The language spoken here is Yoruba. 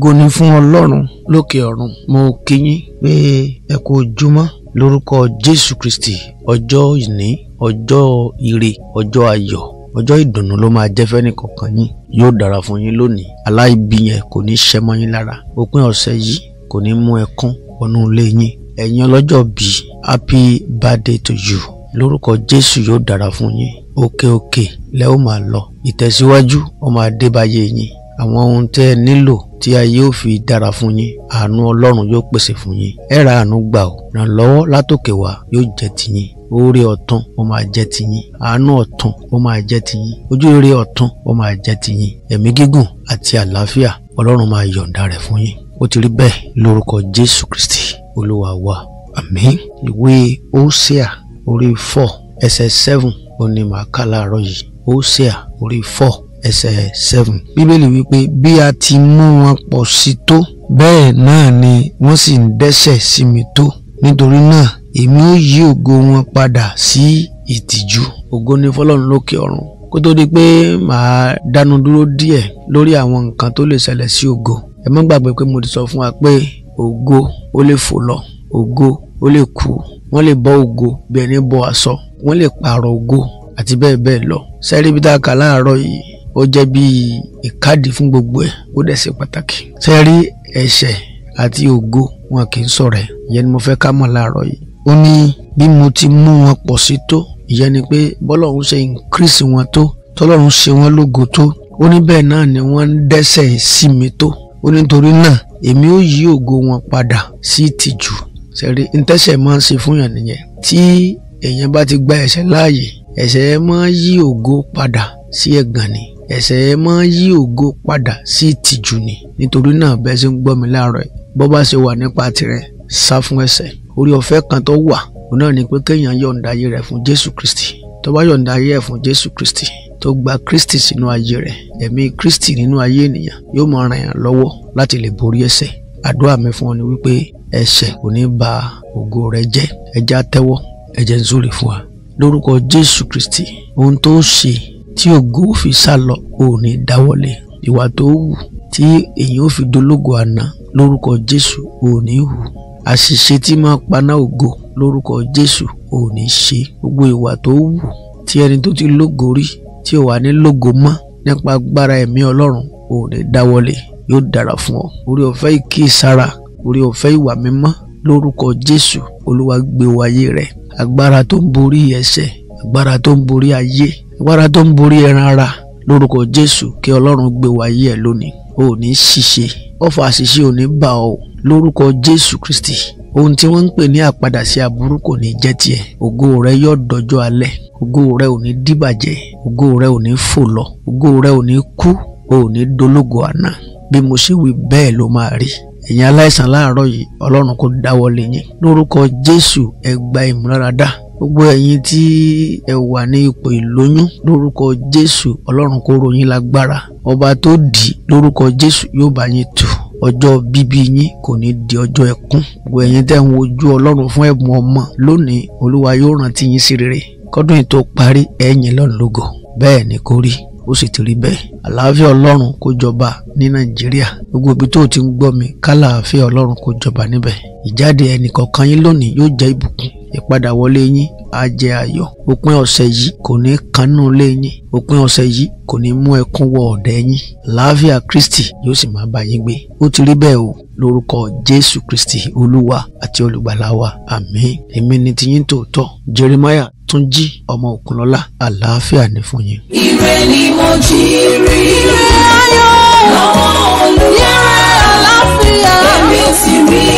ògo ni fún ọlọ́run lókè ọ̀run mo kí yín pé ẹ kú ojúmọ́ lórúkọ jésù kristi ọjọ́ ìní ọjọ́ ire ọjọ́ ayọ̀ ọjọ́ ìdùnnú ló máa jẹ́ fẹ́ nìkọ̀ọ̀kan yín yóò dára fún yín lónìí aláìbí yẹn kò ní ṣẹ́ mọ́ yín lára òpin ọ̀sẹ̀ yìí kò ní mú ẹkún wọnú ilé yín ẹ̀yin ọlọ́jọ́ bíi happy birthday to you lórúkọ jésù yóò dára fún yín òkè òkè lẹ́ ó máa lọ ìtẹ̀síwájú ó máa yín àwọn ohun tẹ́ ẹ nílò tí ayé ò fi dára fún yín àánú ọlọ́run yóò pèsè fún yín ẹ ra àánú gbà ó ìrànlọ́wọ́ látòkè wá yóò jẹ́ tiyín oore ọ̀tun ó máa jẹ́ tiyín àánú ọ̀tun ó máa jẹ́ tiyín ojúrere ọ̀tun ó máa jẹ́ tiyín ẹ̀mí gígùn àti àlàáfíà ọlọ́run máa yọ̀ǹda rẹ̀ fún yín ó ti rí bẹ́ẹ̀ lórúkọ jésù kristi olúwa wa àmín ìwé Hósíà orí four ẹsẹ̀ seven ó ní màá kà láàárọ̀ yìí Hósíà orí four ẹsẹ̀ seven bíbélì wípé bí a ti mú wọn pọ̀ sí tó bẹ́ẹ̀ náà ni wọ́n sì ń dẹ́ṣẹ̀ sí mi tó nítorí náà èmi ó yí ògo wọn padà sí ìtìjú ògo ni fọlọ́run lókè ọ̀run kó tó di pé màá dánu dúró díẹ̀ lórí àwọn nǹkan tó lè ṣẹlẹ̀ sí ògo ẹ má gbàgbé pé mo ti sọ fún wa pé ògo ó lè fò lọ ògo ó lè kú wọ́n lè bọ́ ògo bí ẹni bọ́ aṣọ wọ́n lè pààrọ̀ ògo àti bẹ́ẹ̀ bẹ́ẹ̀ lọ sẹ́rí bí tá kà láàárọ̀ yìí ó jẹ́ bí ìkáàdì fún gbogbo ẹ̀ ó dẹ̀ ṣe pàtàkì. ṣe rí ẹ̀ṣẹ̀ àti ògo wọn kì í sọ̀rọ̀ ẹ̀ ìyẹn ni mo fẹ́ ká mọ̀ láàárọ̀ yìí. ó ní bí mo ti mú wọn pọ̀ sí tó ìyẹn ni pé bọ́lọ́run ṣe increase wọn tó tọ́lọ́run ṣe wọ́n lógo tó ó ní bẹ́ẹ̀ náà ni wọ́n ń dẹ́ṣẹ̀ sí mi tó ó nítorí náà èmi ó yí ògo wọn padà sí ìtìjú ṣẹ̀rí ntẹ́ṣẹ̀ máa ń ṣe fún yàn nìyẹn tí èèyàn bá ti gba ẹ̀ṣẹ̀ láàyè ẹ̀ṣẹ̀ máa ń yí ògo padà sí ẹ̀gàn ni ẹ̀ṣẹ̀ ẹ máa ń yí ògo padà sí ìtìjú ni nítorí náà bẹ́ẹ̀ ṣe ń gbọ́ mi láàárọ̀ yìí bọ́ bá ṣe wà nípa tirẹ̀ sá fún ẹ̀ṣẹ̀ orí ọ̀fẹ́ kan tó wà òun náà ni pé kéèyàn yọ̀ǹda ayé rẹ̀ fún Jésù Kristi tó bá yọ̀ǹda ayé ẹ̀ fún Jésù Kristi tó gba Kristi sínú ayé rẹ̀ ẹ̀mí Kristi nínú ayé ènìyàn yóò máa ràn yàn lọ́wọ́ láti lè borí ẹ̀ṣẹ̀ àdúrà mi fún ọ ni wípé ẹ̀ṣẹ̀ kò ní ba ògo rẹ jẹ́ ẹjẹ́ àtẹ́wọ́ ẹ̀jẹ̀ ń zòrè fún wa lórúkọ Jésù Kristi ohun tó ṣe tí ògo fi sá lọ ò ní dáwọ́lé ìwà tó wù tí èyí ò fi dológo àná lórúkọ Jésù ò ní hù àṣìṣe tí máa paná ògo lórúkọ Jésù ò ní ṣe gbogbo ìwà tó wù tí ẹni tó ti lógo rí tí ò wà ní lógo mọ́ nípa agbára ẹ̀mí Ọlọ́run ò ní dáwọ́lé yóò dára fún ọ orí ọ̀fẹ́ ìkíyèsára orí ọ̀fẹ́ ìwà mímọ́ lórúkọ Jésù Olúwa gbé wáyé rẹ agbára tó ń borí ẹ̀ṣẹ̀ agbára tó ń borí ayé agbára tó ń borí ẹran ara lórúkọ jésù kí ọlọ́run gbé wáyé ẹ lónìí o ò ní ṣìṣe ọ̀fọ̀ àṣìṣe ò ní bà ọ́ lórúkọ jésù kristi ohun tí wọ́n ń pè ní àpadà sí aburú kò ní jẹ́ tiẹ̀ ògo rẹ yóò dọjọ́ alẹ́ ògo rẹ ò ní dìbàjẹ́ ògo rẹ ò ní fò lọ ògo rẹ ò ní kú o ò ní dológo àná bí mo ṣe wí bẹ́ẹ̀ ló máa rí ẹ̀yin aláìsàn láàárọ̀ yìí ọlọ́run kò dáwọ́lé yín lórúkọ jésù ẹ ìmúláradá gbogbo ẹ̀yin tí ẹ wà ní ipò ìlóyún lórúkọ jésù ọlọ́run kó rọ̀ yín lágbára ọba tó dì lórúkọ jésù yóò bá yín tù ọjọ́ bíbí yín kò ní di ọjọ́ ẹkún gbogbo ẹ̀yin tẹ́ ń wojú ọlọ́run fún ẹ̀bùn ọmọ lónìí olúwa yóò rántí yín sí rere kọ́dún yìí tó parí ẹ̀yìn lọ́nlógo bẹ́ẹ̀ ni kó rí ó sì ti rí bẹ́ẹ̀ àlàáfíà ọlọ́run kó jọba ní nàìjíríà gbogbo ibi tó ti ń gbọ́ mi kálàáfíà ọlọ́run kó jọba níbẹ̀ ìjáde ẹnìkọ̀ọ̀kan yín lónìí yóò jẹ́ ìbùkún ìpadàwọlé yín á jẹ́ ayọ̀ òpin ọ̀sẹ̀ yìí kò ní kanú lé yín òpin ọ̀sẹ̀ yìí kò ní mú ẹkún wọ ọ̀dẹ̀ yín làáfíà Kristi yóò sì máa bá yín gbé ó ti rí bẹ́ẹ̀ o lórúkọ Jésù Kristi Olúwa àti olùgbàlà wa àmín èmi ni tiyín tòótọ́ Jeremiah Túnjí ọmọ Òkunlọ́lá àlàáfíà ní fún yín. ire ni mo jí rí ire ayọ̀ lọ́wọ́ olùyẹ̀rẹ̀ àlàáfíà èmi ò sì rí.